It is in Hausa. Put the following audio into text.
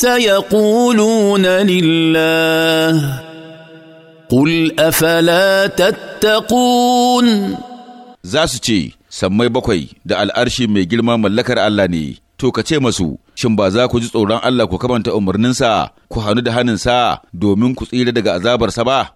سيقولون لله قل أفلا تتقون za su ce sammai bakwai da al'arshi mai girma mallakar Allah ne to ka ce masu shin ba za ku ji tsoron Allah ku kamanta umarninsa ku hannu da haninsa domin ku tsira daga azabarsa ba